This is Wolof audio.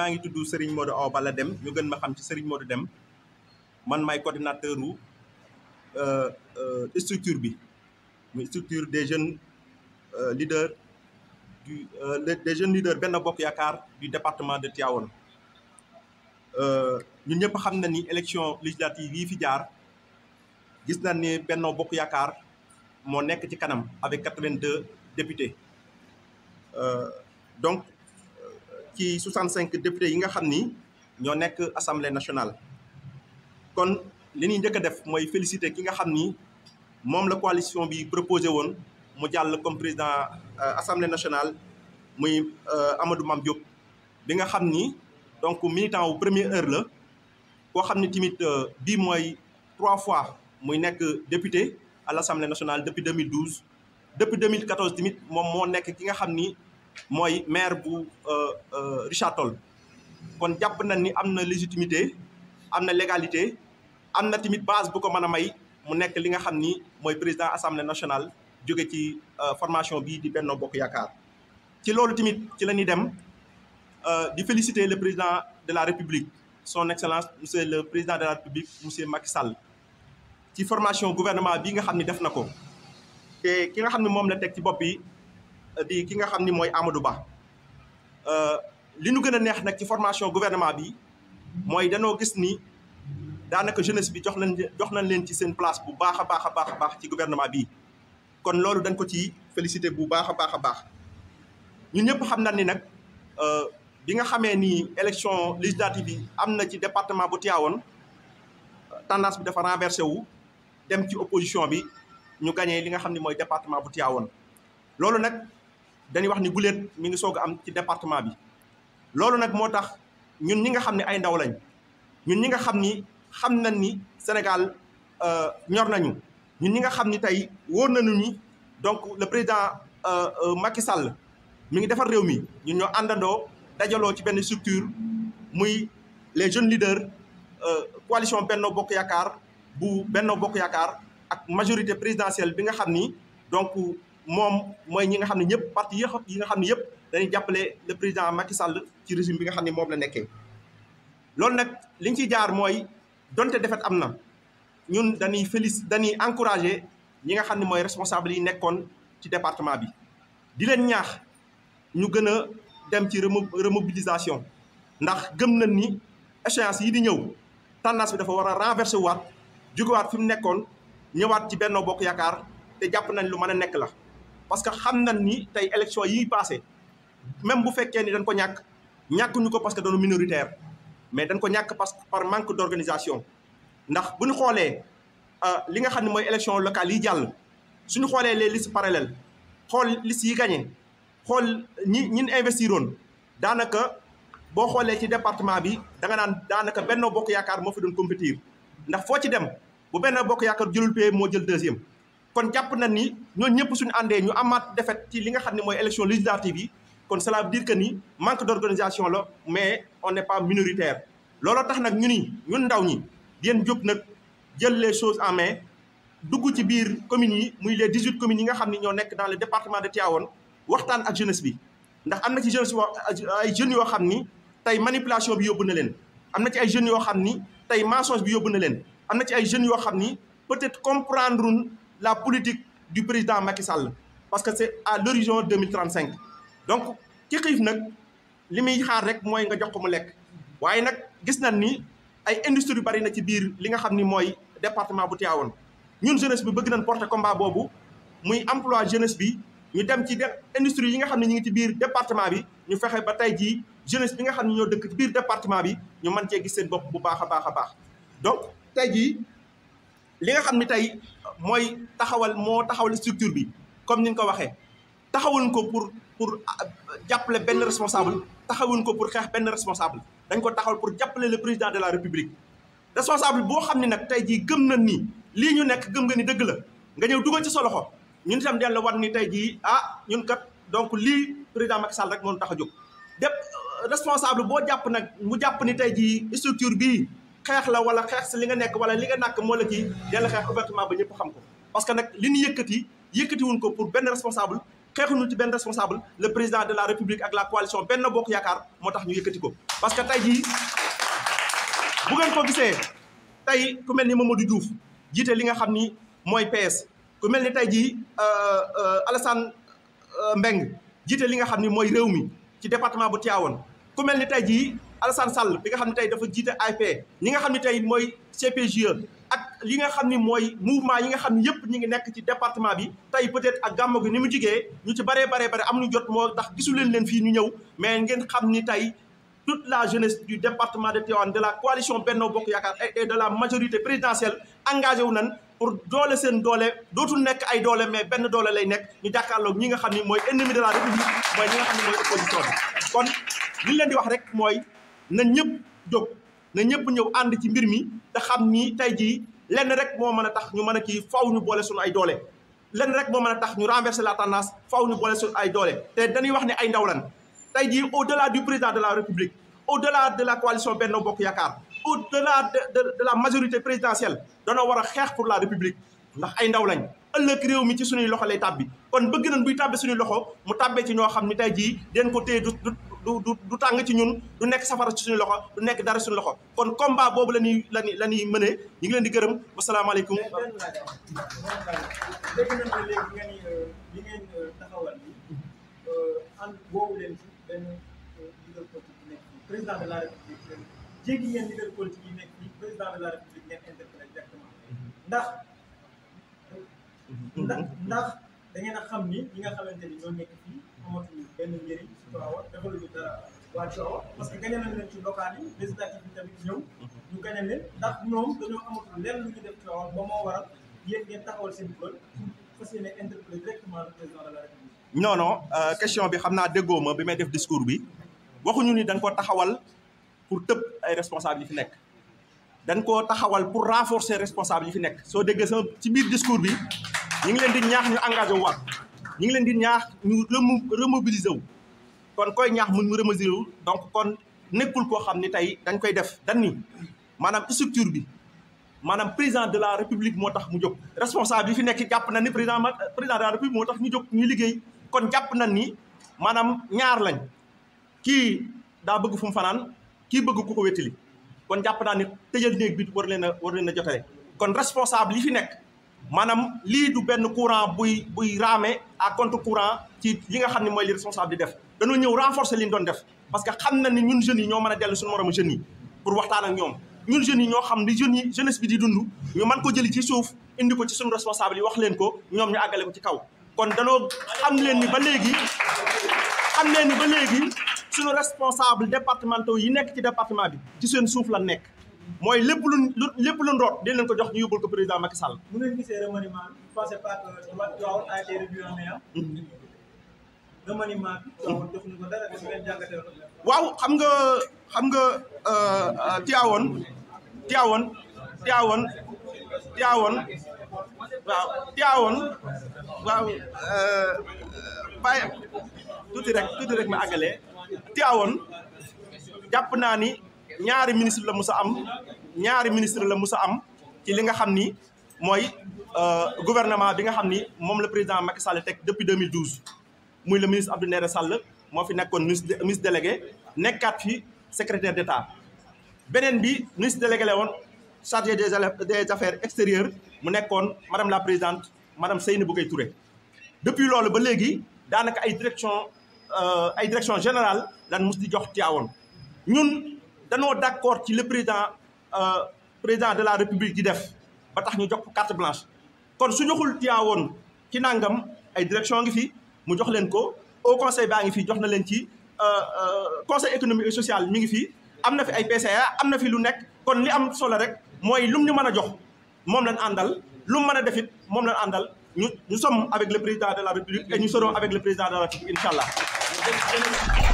maa ngi tudd Serigne Modou Awa Balla Deme ñu gën ma xam ci Serigne Modou Deme man maay coordinateur u euh, euh, structure bi muy structure des jeunes euh, leaders du des jeunes leaders Benno Bokk Yaakaar du département de Tivaouane ñu ñëpp xam na ni élection législative yi fi jaar gis nañ ni Benno Bokk Yaakaar moo nekk ci kanam avec quatre-vingt-deux députés donc ci 65 députés yi nga xam ni ñoo nekk assemblée nationale. kon li ñuy njëkk a def mooy féliciter ki nga xam ni moom la coalition bi proposé woon mu jàll comme président euh, assemblée nationale muy euh, Amadou Mame bi nga xam ni donc militant wu première heure la koo xam ni tamit euh, bii mooy trois fois muy nekk député à l' assemblée nationale depuis 2012. depuis 2014 tamit moom moo nekk ki nga xam ni. mooy maire bu euh, euh, Richard Toll kon jàpp nañ ni am na légitimité am na légalité am na tamit base bu ko mën a may mu nekk li nga xam ni mooy président assemblée nationale jóge ci euh, formation bii di Benno Bokk Yaakaar ci loolu tamit ci la ñuy dem di féliciter le président de la république son excellence monsieur le président de la république monsieur Macky Sall ci formation gouvernement bi nga xam ni def na ko te ki nga xam ne moom la teg ci bopp bi di ki nga xam ni mooy Amadou Ba euh, li ñu gën a neex nag ci formation gouvernement bi mooy danoo gis ni daanaka jeunesse bi jox nañ jox nañ leen ci seen place bu baax a baax a baax baax ci gouvernement bi kon loolu dañ ko ci félicité bu baax a baax a baax ñun ñëpp xam nañ ni nag euh, bi nga xamee ni élection législative bi am na ci département bu Tivaouane tendance bi dafa renversé wu dem ci opposition bi ñu gagné li nga xam ni mooy département bu Tivaouane loolu nag. dañuy wax ni guléet mi ngi soog a am ci département bi loolu nag moo tax ñun ñi nga xam ne ay ndaw lañ ñun ñi nga xam ni xam nañ ni Sénégal euh, ñor nañu ñun ñi nga xam ni tey wóor nañu ni donc le président euh, euh, Macky Sall mi ngi defar réew mi ñun ñoo àndandoo dajaloo ci benn structure muy les jeunes leaders coalition Benno Bokk Yaakaar bu Benno Bokk Yaakaar ak majorité présidentielle bi nga xam ni donc moom mooy ñi nga xam ne ñëpp parti yëpp yi nga xam ne yëpp dañuy jàppale le président Macky ci régime bi nga xam ne moom la nekkee loolu nag liñ ci jaar mooy donte defet am na ñun dañuy félici dañuy encouragé ñi nga xam ne mooy responsable yi nekkoon ci département bi di leen ñaax ñu gën a dem ci remobilisation ndax gëm na ni échéance yi di ñëw tendance bi dafa war a renversé waat jugewaat fi mu nekkoon ñëwaat ci benn Bokk Yaakaar te jàpp nañ lu mën a nekk la parce que xam nañ ni tey élection yi passé même bu fekkee ni dañ ko ñàkk ñu ko parce que dañu minoritaire mais dañ ko ñàkk parce que par manque d' organisation ndax bu ñu xoolee euh, li nga xam ne mooy élection locale yi jàll suñu xoolee les listes parallèles xool liste yi gagné xool ñi ñin investiroon daanaka boo xoolee ci département bi da nga naan daanaka Benno Bokk Yaakaar moo fi doon compétir ndax foo ci dem bu Benno Bokk Yaakaar jëlul pay e moo jël deuxième kon jàpp na ni ñooñu ñëpp suñu àndee ñu amaat défaite ci li nga xam ne mooy élection législative yi kon cela veut dire que ni manque d'organisation la mais on n'est pas minoritaire looloo tax nag ñu ni ñun ndaw ñi yéen jóg nag jël les choses en mais dugg ci biir commune yi muy les dix-huit communes yi nga xam ne ñoo nekk dans le département de Tivaouane waxtaan ak jeunesse bi ndax am na ci jeunesse ay jeunes yoo xam ni tey manipulation bi yóbbu na leen am na ci ay jeunes yoo xam ni tey mensonge bi yóbbu na leen am na ci ay jeunes yoo xam ni peut-être comprendre la politique du président Macky Sall parce que c'est à l'horizon 2035 donc ki xiif nag li muy xaar rek mooy nga jox ko mu lekk waaye nag gis nañ ni ay industrie yu bari ci biir li nga xam ni mooy département bu Tivaouane ñun jeunesse bi bëgg nañ porte combat boobu muy emploi jeunesse bi ñu dem ci industrie yi nga xam ne ñu ngi ci biir département bi ñu fexe ba tey jii jeunesse bi nga xam ne ñoo dëkk ci biir département bi ñu mën cee gis seen bopp bu baax a baax a baax li nga xam ne tey mooy taxawal moo taxawal structure bi comme ni nga ko waxee taxawuñ ko pour pour ah, jàppale benn responsable taxawuñ ko pour xeex benn responsable dañ ko taxawal pour jàppale le président de la république responsable boo xam ne nag tey jii gëm na nii lii ñu nekk gëm nga ni dëgg la nga ñëw dugal ci sa loxo ñun itam dell war ni tey jii ah ñun kat donc lii président Macky Sall rek moo tax a jóg. dépp responsable boo jàpp nag mu jàpp ni tey jii structure bii. xeex la wala xeex si li nga nekk wala li nga nàkk moo la kii della xeex ouvertement ba ñëpp xam ko parce que nag li ñu yëkkati yëkkati wuñ ko pour benn responsable xeexuñu ci benn responsable le président de la république ak la coalition benn bokk yaakaar moo tax ñu yëkkati ko parce que tey jii bu ngeen ko gisee tey ku mel ni Mamadou Diouf jiite li nga xam ni mooy PS ku mel ni tey jii euh, euh, Alassane euh, Mbeng jiite li nga xam ni mooy réew mi ci département bu Tivaouane ku Alassane Sall bi nga xam ne tey dafa jiite AFP ñi nga xam ne tey mooy ak li nga xam ni mooy mouvement yi nga xam ni yëpp ñi ngi nekk ci département bi tey peut-être ak gàmmu gi ni mu jigee ñu ci baree baree bare amuñu jot moo tax gisu leen leen fii ñu ñëw mais ngeen xam ni tey toute la jeunesse du département de Tivaouane de la coalition Benno Bokk Yaakaar et de la majorité présidentielle engagé wu nan pour doole seen doole dootul nekk ay doole mais benn doole lay nekk ñu jàkkaarloog ñi nga xam ni mooy ennemi de mooy ñi nga xam ni leen di wax rek mooy na ñëpp jóg na ñëpp ñëw ànd ci mbir mi te xam ni tey jii lenn rek moo mën a tax ñu mën a kii faw ñu boole suñu ay doole. lenn rek moo mën a tax ñu renverser la tendance faw ñu boole suñu ay doole te dañuy wax ni ay ndaw lan tey jii au delà du président de la république au delà de la coalition Benno Bokk Yaakaar au delà de de la majorité présidentielle danoo war a xeex pour la république ndax ay ndaw lañ. ëllëg réew mi ci suñuy loxo lay tàbbi kon bëgg nañ buy tàbbi suñuy loxo mu tàbbee ci ñoo xam ni tey jii den ko téye du du du du tàng ci ñun du nekk safara ci suñu loxo du nekk dara suñu loxo kon combat boobu la ñuy la ñuy la ñuy mënee ñu ngi leen di gërëm wasalaamaaleykum. mais benn laaj dégg nañ ne léegi euh, ngeen euh, euh, nekk président mm-hmm. ndax. Mm-hmm. da a xam ni ñi nga xamante ni ñoo nekk fii amatuñu benn njëriñ parce que bi ba moo waral yéen ngeen taxawal seen euh, question bi xam naa déggoo ma bi may def discours bi waxuñu ni dañ ko taxawal pour tëb ay responsables yi fi nekk dañ koo taxawal pour renforcer responsables yi fi nekk soo déggee sama ci biir discours bi ñu ngi leen di ñaax ñu engagé wu waat ñu ngi leen di ñaax ñu remobiliser wu kon koy ñaax mu ñu remobiliser wu donc kon nekkul koo xam ni tey dañ koy def dañ ni maanaam structure bi maanaam président de la république moo tax mu jóg responsable bi fi nekk jàpp na ni président président de la république moo tax ñu jóg ñu liggéey kon jàpp na ni maanaam ñaar lañ kii daa bëgg fu mu fanaan kii bëgg ko ko wétali kon jàpp naa ni tëjal néeg bi war leen a war leen a jotale kon responsable yi fi nekk maanaam lii du benn courant buy buy raame à contre courant ci li nga xam ne mooy li responsable def danoo ñëw renforcer li ñu doon def parce que xam na ni ñun jeunes yi ñoo mën a dellu suñu moromu jeunes yi pour waxtaan ak ñoom ñun jeunes yi ñoo xam ni jeunes yi bi di dund ñu mën ko jëli ci suuf indi ko ci suñu responsable yi wax leen ko ñoom ñu àggale ko ci kaw kon danoo xam leen ni ba léegi xam leen ni ba léegi suñu responsable départementaux yi nekk ci département bi ci seen suuf la nekk mooy lépp lu lépp lu ndoot dinañ ko jox ñu yóbbul ko président Macky Sall. bu ngeen gisee remaniement bi pensez pas mm-hmm. waaw xam nga xam nga euh, euh, Tivaouane Tivaouane Tivaouane Tivaouane waaw Tivaouane waaw euh, bàyyi tuuti rek tuuti rek ma àggalee Tivaouane jàpp naa ni. ñaari ministre la musa am ñaari ministre la musa am ci li nga xam ni mooy euh, gouvernement bi nga xam ni moom la président Macky Sall teg depuis 2012 muy le ministre Abdou Ndéné Sall moo fi nekkoon ministre ministre délégué nekkaat fi secrétaire d'État beneen bi ministre délégué la woon chargé des des affaires extérieures mu nekkoon madame la présidente madame Seynabou Gaye Touré depuis loolu ba léegi daanaka ay direction euh, ay direction générale lan mus di jox Tivaouane danoo d'accord ci le président euh, président de la république di def ba tax ñu jox carte blanche kon su joxul Tivaouane ci nangam ay direction ngi fi mu jox leen ko au conseil baa ngi fi jox na leen ci euh, euh, conseil économique et social mi ngi fi am na fi ay PCA am na fi lu nekk kon li am solo rek mooy lu ñu mën a jox moom lañ àndal lum mën a defit it moom lañ àndal ñu nous sommes avec le président de la république et ñu solo avec le président de la république allah